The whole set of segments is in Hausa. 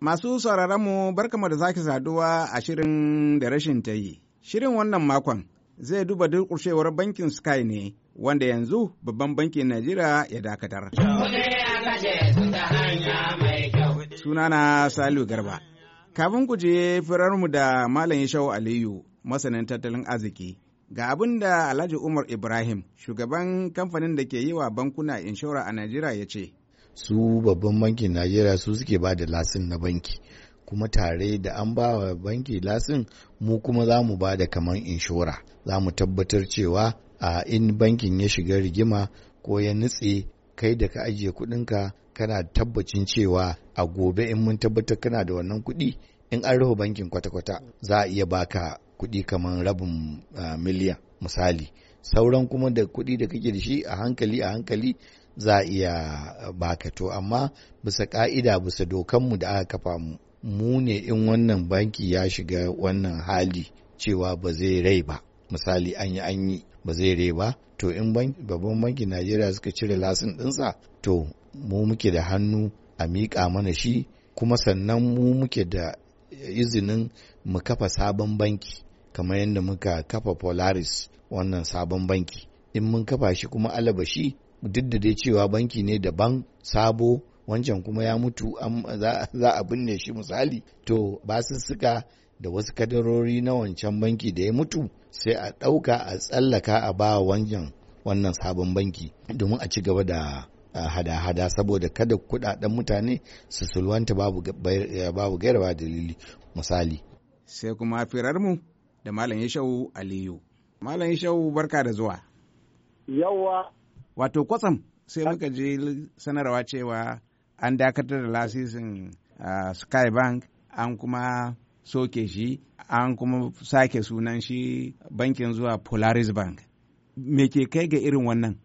Masu sauraronmu barkama da zaki saduwa a shirin da rashin ta yi. Shirin wannan makon zai duba duk durƙushewar bankin Sky ne wanda yanzu babban bankin Najeriya ya dakatar. Sunana Salihu Garba. Kafin ku je firarmu da Malam Yashau Aliyu, masanin tattalin arziki, ga abin da Alhaji Umar Ibrahim, shugaban kamfanin da ke yi wa bankuna inshora a Najeriya ya ce. su babban bankin najeriya su suke ba da lasin na banki kuma tare da an ba wa banki lasin mu kuma za mu ba da kamar inshora za mu tabbatar cewa a in bankin ya shiga rigima ko ya nutse kai da ka ajiye kudinka kana tabbacin cewa a gobe in mun tabbatar kana da wannan kuɗi in an rufe bankin kwata-kwata za a iya baka kuɗi kamar rabin miliyan misali sauran kuma da kuɗi da kake da shi a hankali a hankali za a iya baka to amma bisa ka'ida bisa dokanmu da aka kafa mu ne in wannan banki ya shiga wannan hali cewa ba zai rai ba misali an yi an yi ba zai rai ba to in babban bankin najeriya suka cire lasin ɗinsa to mu muke da hannu a miƙa mana shi kuma sannan mu muke da izinin mu kafa sabon banki kamar yadda muka kafa polaris wannan sabon banki in mun kafa shi kuma alabashi duk da dai cewa banki ne daban sabo wancan kuma ya mutu za a binne shi misali to basussuka da wasu kadarori na wancan banki da ya mutu sai a ɗauka a tsallaka a ba wancan wannan sabon banki domin a ci gaba da hada-hada saboda kada kudaden mutane su sulwanta babu gaira dalili misali sai kuma firarmu da malam yashau aliyu malam ya barka da zuwa yawa wato kwatsam sai ah. muka je sanarwa cewa an dakatar da lasisin uh, ah, skybank an kuma soke shi an kuma sake sunan shi bankin zuwa polaris bank me ke kai ga irin wannan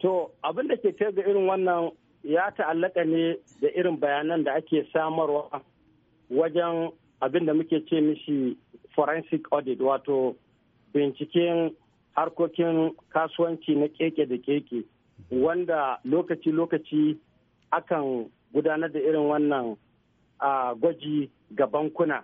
to abin da ke kai ga irin wannan ya ta'allaka ne da irin bayanan da ake samarwa wajen abin da muke ce mishi forensic audit wato binciken harkokin kasuwanci na keke da keke wanda lokaci-lokaci akan gudanar da irin wannan gwaji ga bankuna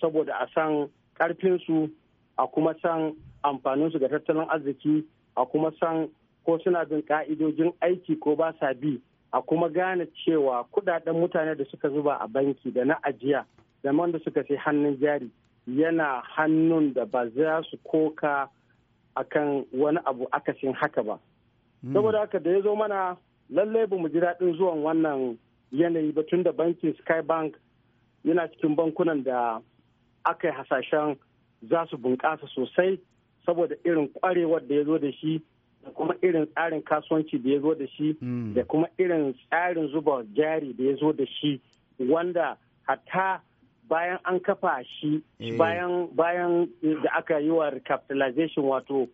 saboda a san karfinsu a kuma san amfaninsu ga tattalin arziki a kuma san ko suna bin ka'idojin aiki ko ba sa bi a kuma gane cewa kudaden mutane da suka zuba a banki da na ajiya da wanda suka sai hannun jari yana hannun da ba za su koka akan wani abu akasin haka ba hmm. saboda haka da ya zo mana lallai ba mu ji daɗin zuwan wannan yanayi ba tun da bankin bank yana cikin bankunan da aka yi hasashen za su bunƙasa sosai saboda irin ƙwarewar da ya zo da shi da kuma irin tsarin kasuwanci da ya zo da shi hmm. da kuma irin tsarin zuba jari da ya zo da shi wanda hatta bayan an kafa shi eh. bayan bayan da aka yi wa recapitalization wato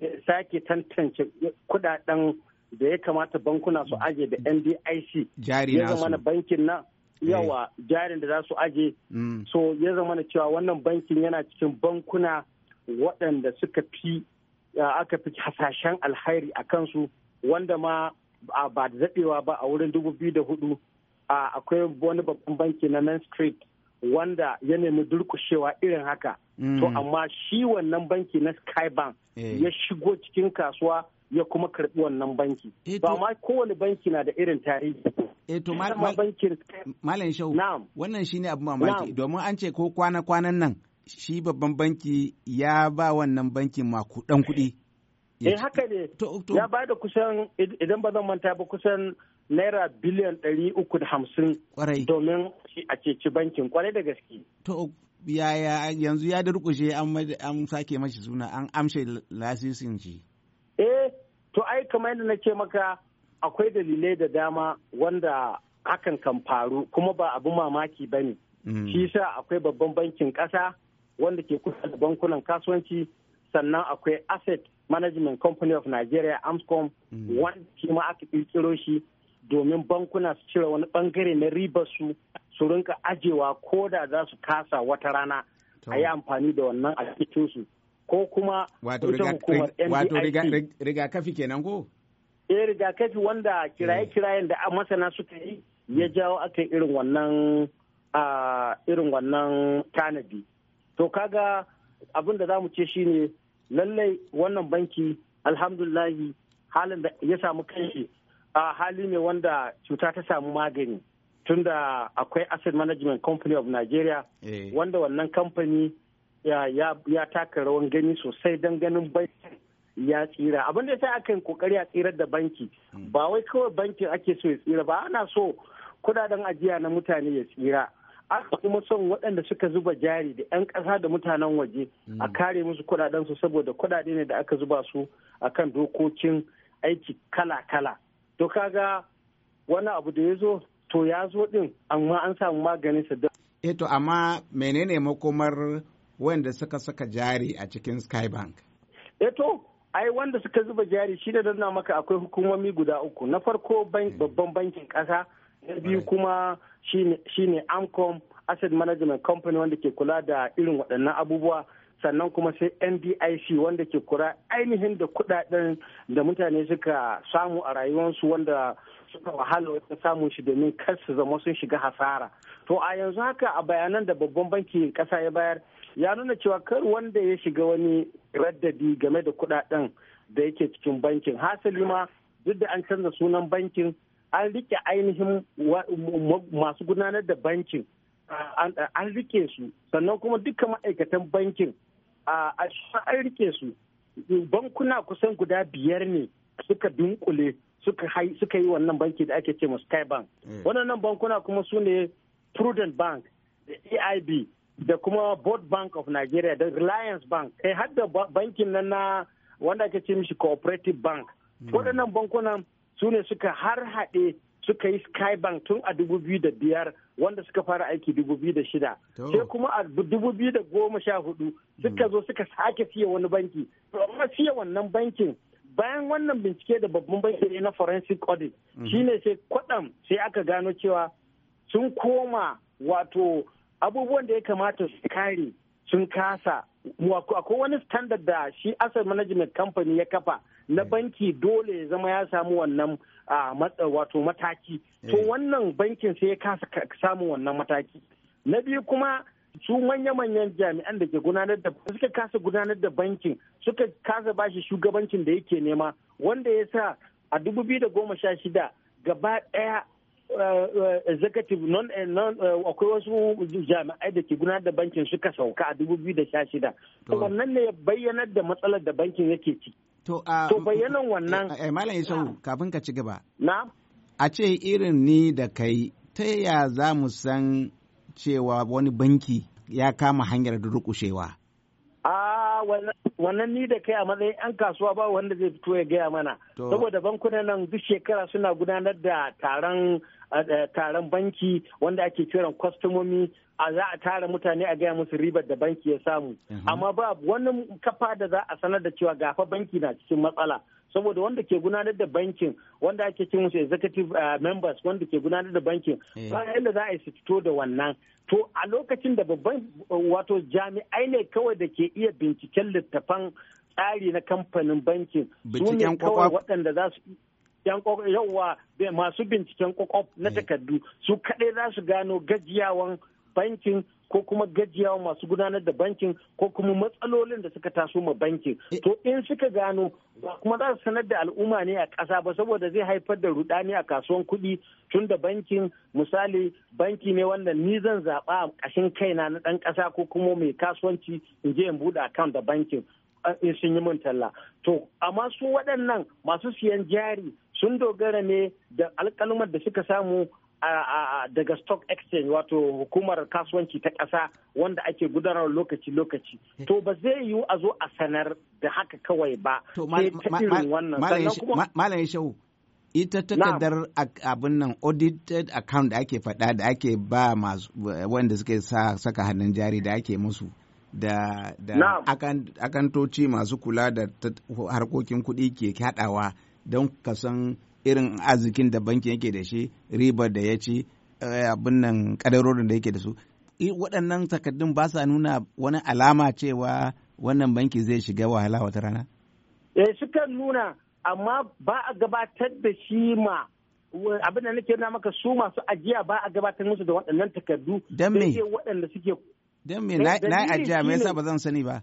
eh, sake tantance kudaden da ya kamata bankuna su aje da ndic ya zama na bankin nan eh. yawa jarin da za su aje mm. so ya zama na cewa wannan bankin yana cikin bankuna waɗanda suka fi aka fi hasashen alhairi a kansu wanda ma ba da daɗewa ba a wurin 2004 akwai wani babban banki na main street wanda ya nemi durkushewa irin haka mm. to amma shi wannan banki na skybank eh. ya shigo cikin kasuwa ya kuma karbi wannan banki eh, ba ma kowane banki na da irin tarihi E to malam shau wannan shi ne abu mamaki domin an ce ko kwana kwanan nan shi babban banki ya ba wannan bankin makudan kuɗi eh haka ne ya ba da kusan idan ba zan manta ba kusan naira biliyan ɗari uku da hamsin domin a ceci bankin kwarai da gaske to yaya yanzu ya durkushe an sake mashi suna an amshe lasisin ji. eh to ai kamar yadda nake maka akwai dalilai da dama wanda hakan kan faru kuma ba abin mamaki ba ne mm. shi sa akwai babban bankin ƙasa wanda ke kusa da bankunan kasuwanci sannan akwai asset management company of nigeria amscom mm. wanda shi ma aka kirkiro shi domin bankuna su cire wani bangare na ribar su su rinka ajewa ko da za su kasa wata rana a yi amfani da wannan a su ko kuma wato rigakafi kenan ko eh rigakafi wanda kiraye-kirayen da masana suka yi ya mm. jawo aka irin wannan irin wannan tanadi to kaga abin da za mu ce shine lallai wannan banki alhamdulahi halin da ya samu kai a hali ne wanda cuta ta samu magani tunda akwai asset management company of nigeria eh. wanda wannan kamfani ya taka rawan gani sosai don ganin bankin ya tsira abin da sai aka yi kokari a tsirar da banki hmm. ba wai kawai bankin ake so ya tsira ba ana so kudaden ajiya na mutane ya tsira aka kuma son waɗanda suka zuba jari da 'yan ƙasa da mutanen waje mm. a kare musu su saboda kuɗaɗe ne da aka zuba su a kan dokokin aiki kala-kala. To kaga wani abu da ya zo to ya zo ɗin amma an samu maganin sa da. E to amma menene makomar wanda suka saka jari a cikin Skybank? bank. Eh, to ai wanda suka zuba jari shi da danna maka akwai hukumomi guda uku na farko mm. babban bankin ƙasa. na biyu kuma shine amcom asset management company wanda ke kula da irin waɗannan abubuwa sannan kuma sai ndic wanda ke kura ainihin da kudaden da mutane suka samu a rayuwarsu wanda suka wahala wajen samun shi domin kar su zama sun shiga hasara to a yanzu haka a bayanan da babban banki kasa ya bayar ya nuna cewa kar wanda ya shiga wani raddadi game da kudaden da yake cikin bankin hasali ma duk da an canza sunan bankin an rike ainihin masu gudanar da bankin an rike su sannan kuma dukkan ma'aikatan bankin an rike su bankuna kusan guda biyar ne suka dunkule suka yi wannan banki da ake ce sky bank hmm. waɗannan bankuna kuma su ne prudent bank da aib da kuma board bank of nigeria da reliance bank kai hadda bankin nan na wanda ake ce mishi cooperative bank Hmm. waɗannan bankunan su ne suka har haɗe suka yi skybank tun a biyar wanda suka fara aiki shida sai kuma a hudu suka hmm. zo suka sake siya wani banki amma siya wannan bankin bayan wannan bincike da babban banki na forensic audit hmm. shine sai kwadam sai aka gano cewa sun koma wato abubuwan da ya kamata su kare sun kasa akwai wani standard da shi asset management company ya kafa na banki dole ya zama ya samu wannan wato mataki to eh. wannan bankin sai ya kasa samun wannan mataki na biyu kuma su manya-manyan jami'an da ke gudanar da suka kasa gudanar da bankin suka kasa bashi shugabancin da yake nema wanda ya sa a 2016 gaba daya eh, eh, executive non akwai wasu jami'ai da ke gudanar da bankin suka sauka a 2016 wannan ne ya bayyanar da matsalar da bankin yake ciki To uh, bayanan wannan. Eh, eh, Malam Isau, kafin ka ci gaba. Na? A ce irin ni da kai, ta ya za mu san cewa wani banki ya kama hanyar rukushewa A wannan ni da kai a matsayin 'yan kasuwa ba wanda zai fito ya gaya mana. Saboda bankunan nan duk shekara suna gudanar da taron Eh, taron banki wanda ake kiran kwastomomi a za a tara mutane a gaya musu ribar da banki ya samu mhm. amma ba wani kafa da za a sanar da cewa gafa banki na cikin matsala saboda wanda ke gudanar da bankin wanda ake cin musu executive eh, members wanda ke gudanar da bankin eh. ba yadda za a yi su fito da wannan to a lokacin da babban wato jami'ai ne kawai da ke iya binciken littafan tsari na kamfanin bankin su ne kawai waɗanda za su yan yauwa masu binciken kokof na mm. takardu su kaɗai za su gano gajiyawan bankin ko kuma gajiyawan masu gudanar da bankin ko kuma matsalolin da suka taso ma bankin eh. to in suka gano ba kuma za su sanar da al'umma ne a ƙasa ba saboda zai haifar da rudani a kasuwan kuɗi tun da bankin misali banki ne wanda ni zan zaɓa a ƙashin kaina na ɗan ƙasa ko kuma mai kasuwanci in je in buɗe account da bankin in sun yi min talla to amma su waɗannan masu siyan jari sun dogara ne da alkalmar da suka samu daga stock exchange wato hukumar kasuwanci ta ƙasa wanda ake gudanar lokaci-lokaci eh. to ba zai yiwu a zo a sanar da haka kawai ba malam ya shawo ita takardar abin nan audited account da ake faɗa da ake ba masu wanda suke saka hannun jari da ake musu da akantoci masu kula da harkokin kuɗi ke haɗawa don ka san irin arzikin da bankin yake da shi ribar da ya ci eh, abin nan kadarorin da yake da su waɗannan takardun ba sa nuna wani alama cewa wannan banki zai shiga wahala wata rana eh sukan nuna amma ba a gabatar da shi ma abin da nake na maka su masu ajiya ba a gabatar musu da waɗannan takardu dan me waɗanda suke dan me na eh, ajiya me yasa ba zan sani ba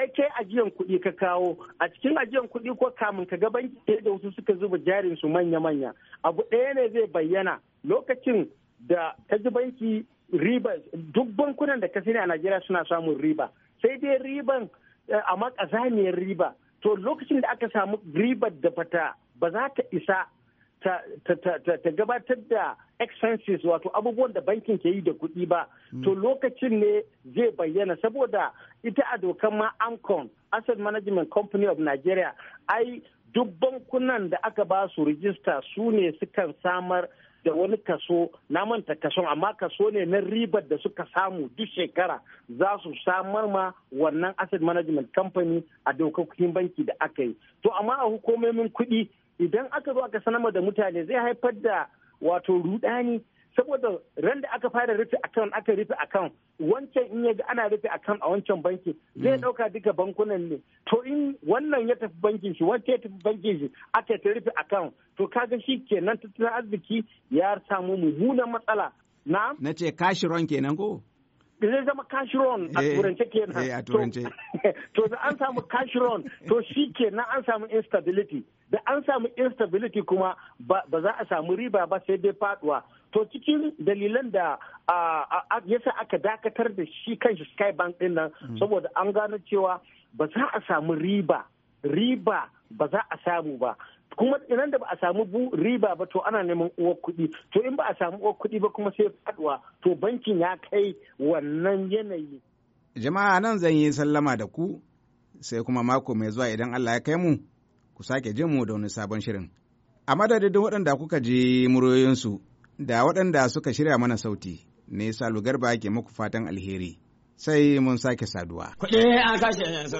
ai kai ajiyan kuɗi ka kawo a cikin ajiyan kuɗi ko kamun ka ga banki da wasu suka zuba jarin su manya-manya abu ɗaya ne zai bayyana lokacin da ka ji banki riba duk bankunan da ka sani a Najeriya suna samun riba sai dai riban eh, a makazaniyar riba to lokacin da aka samu ribar da fata ba za ta isa ta, gabatar da expenses wato abubuwan da bankin ke yi da kuɗi ba hmm. to lokacin ne zai bayyana saboda ita a dokan ma amcon asset management company of nigeria ai duk bankunan da aka ba su rijista su ne sukan samar da wani kaso na manta kason amma kaso ne na ribar da suka samu duk shekara za su samar ma wannan asset management company a dokokin banki da aka yi to amma a hukumomin kuɗi idan aka zo aka sanarwa da mutane zai haifar da wato rudani saboda ran da aka fara rufe akan aka rufe akan wancan in ya ga ana rufe akan a wancan banki zai dauka mm. duka bankunan ne to in wannan ya tafi bankin shi wancan ya tafi bankin shi aka ta rufe akan to kaga shi kenan tattalin arziki ya samu mummunan matsala na na ce kashi ron kenan ko zai zama cash run a eh, turance kenan eh, to da an samu cash run to shi kenan an samu instability da an samu instability kuma ba za a samu riba ba sai dai faduwa to cikin dalilan da yasa aka dakatar da shi sky bank din nan hmm. saboda an gano cewa ba za a samu riba riba ba za a samu ba kuma idan da ba a samu riba ba to ana neman uwar kuɗi to in ba a samu uwar kuɗi ba kuma sai faduwa to bankin ya kai wannan yanayi jama'a nan zan yi sallama da ku sai kuma mako mai zuwa idan Allah ya kai mu ku sake jin mu da wani sabon shirin a madadin waɗanda kuka ji muryoyinsu da waɗanda suka shirya mana sauti ne salu garba ke muku fatan alheri sai mun sake saduwa